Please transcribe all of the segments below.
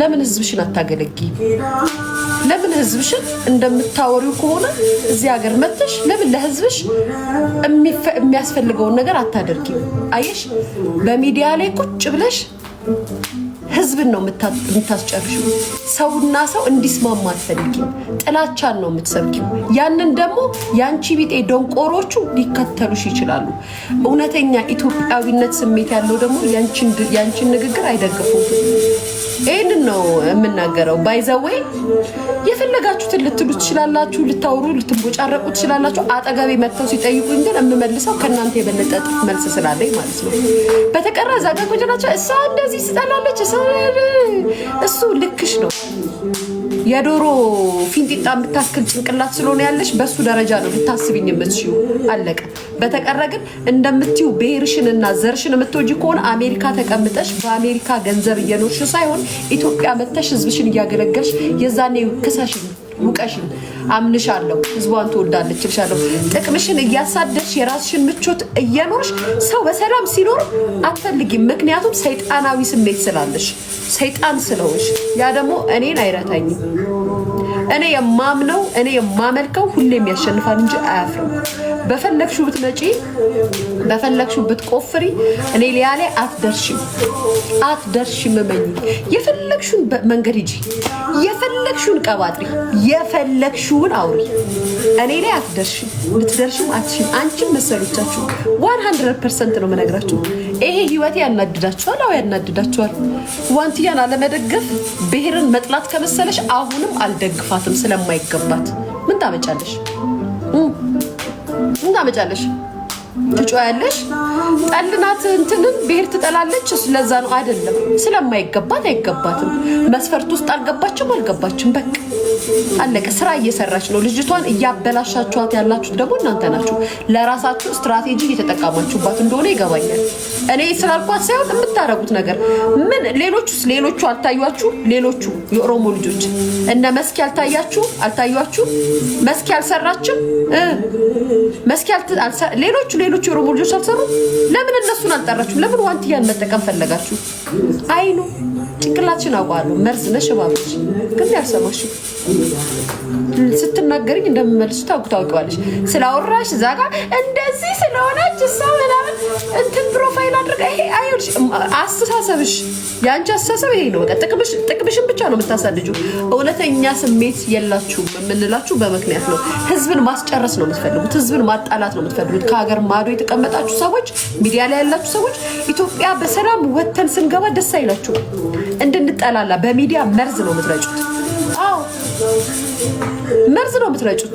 ለምን ህዝብሽን አታገለግይም? ለምን ህዝብሽን እንደምታወሪው ከሆነ እዚህ ሀገር መጥተሽ ለምን ለህዝብሽ የሚያስፈልገውን ነገር አታደርጊም? አየሽ፣ በሚዲያ ላይ ቁጭ ብለሽ ህዝብን ነው የምታስጨርሹ። ሰውና ሰው እንዲስማማ አትፈልጊም። ጥላቻን ነው የምትሰብኪው። ያንን ደግሞ የአንቺ ቢጤ ደንቆሮቹ ሊከተሉሽ ይችላሉ። እውነተኛ ኢትዮጵያዊነት ስሜት ያለው ደግሞ ያንቺን ንግግር አይደግፉም ይህንን ነው የምናገረው። ባይዘወይ የፈለጋችሁትን ልትሉ ትችላላችሁ፣ ልታወሩ ልትንቦጫረቁ ትችላላችሁ። አጠገቤ መጥተው ሲጠይቁኝ ግን የምመልሰው ከእናንተ የበለጠ መልስ ስላለኝ ማለት ነው። በተቀራ ዛጋ ቁጭ ናቸው። እሷ እንደዚህ ስጠላለች እሱ ልክሽ ነው። የዶሮ ፊንጢጣ የምታስክል ጭንቅላት ስለሆነ ያለሽ በእሱ ደረጃ ነው ልታስብኝ የምትችይው። አለቀ። በተቀረ ግን እንደምትይው ብሔርሽን እና ዘርሽን የምትወጂ ከሆነ አሜሪካ ተቀምጠሽ በአሜሪካ ገንዘብ እየኖርሽ ሳይሆን ኢትዮጵያ መተሽ ህዝብሽን እያገለገልሽ የዛኔ ክሰሽኝ ሙቀሽን አምንሻለሁ። ህዝቧን ትወዳለች እልሻለሁ። ጥቅምሽን እያሳደሽ የራስሽን ምቾት እየኖርሽ ሰው በሰላም ሲኖር አትፈልጊም። ምክንያቱም ሰይጣናዊ ስሜት ስላለሽ ሰይጣን ስለሆንሽ፣ ያ ደግሞ እኔን አይረታኝም። እኔ የማምነው እኔ የማመልከው ሁሌም ያሸንፋል እንጂ አያፍርም። በፈለግሹ ብትመጪ፣ በፈለግሹ ብትቆፍሪ እኔ ሊያ ላይ አትደርሺም፣ አትደርሺም። መኝ የፈለግሹን መንገድ ሂጂ፣ የፈለግሹን ቀባጥሪ፣ የፈለግሹን አውሪ። እኔ ላይ አትደርሺም፣ ልትደርሺም አትሽም። አንቺም መሰሎቻችሁ ዋን ሀንድረድ ፐርሰንት ነው የምነግራችሁ ይሄ ህይወት ያናድዳቸዋል። አዎ ያናድዳቸዋል ዋንትያን አለመደገፍ ብሔርን መጥላት ከመሰለሽ አሁንም አልደግፋትም ስለማይገባት። ምን ታመጫለሽ? ምን ታመጫለሽ? ትጮያለሽ። ጠልናት እንትንም ብሔር ትጠላለች። ስለዛ ነው አይደለም፣ ስለማይገባት አይገባትም። መስፈርት ውስጥ አልገባችም አልገባችም በቃ አለቀ። ስራ እየሰራች ነው። ልጅቷን እያበላሻችኋት ያላችሁት ደግሞ እናንተ ናችሁ። ለራሳችሁ ስትራቴጂ እየተጠቀማችሁባት እንደሆነ ይገባኛል። እኔ ስላልኳት ሳይሆን የምታደርጉት ነገር ምን ሌሎቹ ሌሎቹ አልታያችሁ። ሌሎቹ የኦሮሞ ልጆች እነ መስኪ አልታያችሁ አልታያችሁ። መስኪ አልሰራችም። መስኪ ሌሎቹ ሌሎቹ የኦሮሞ ልጆች አልሰሩ። ለምን እነሱን አልጠራችሁ? ለምን ዋንትያን መጠቀም ፈለጋችሁ? አይኑ? ጭንቅላችን አውቀዋለሁ መርዝ ነሽ ግን ያልሰማሽው ስትናገርኝ እንደምመልሱ ታውቅ ታውቂዋለሽ። ስላወራሽ እዛ ጋር እንደዚህ ስለሆነች እሷ ምናምን እንትን ፕሮፋይል አድርገ ይሄ አይሆንሽ። አስተሳሰብሽ፣ የአንቺ አስተሳሰብ ይሄ ነው። በቃ ጥቅምሽን ብቻ ነው የምታሳድጁ። እውነተኛ ስሜት የላችሁ የምንላችሁ በምክንያት ነው። ህዝብን ማስጨረስ ነው የምትፈልጉት። ህዝብን ማጣላት ነው የምትፈልጉት። ከሀገር ማዶ የተቀመጣችሁ ሰዎች፣ ሚዲያ ላይ ያላችሁ ሰዎች ኢትዮጵያ በሰላም ወተን ስንገባ ደስ አይላችሁ የሚጠላላ በሚዲያ መርዝ ነው የምትረጩት። አዎ መርዝ ነው የምትረጩት።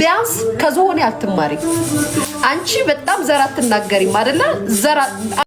ቢያንስ ከዝሆኔ አትማሪ አንቺ። በጣም ዘር አትናገሪም አይደለ? ዘር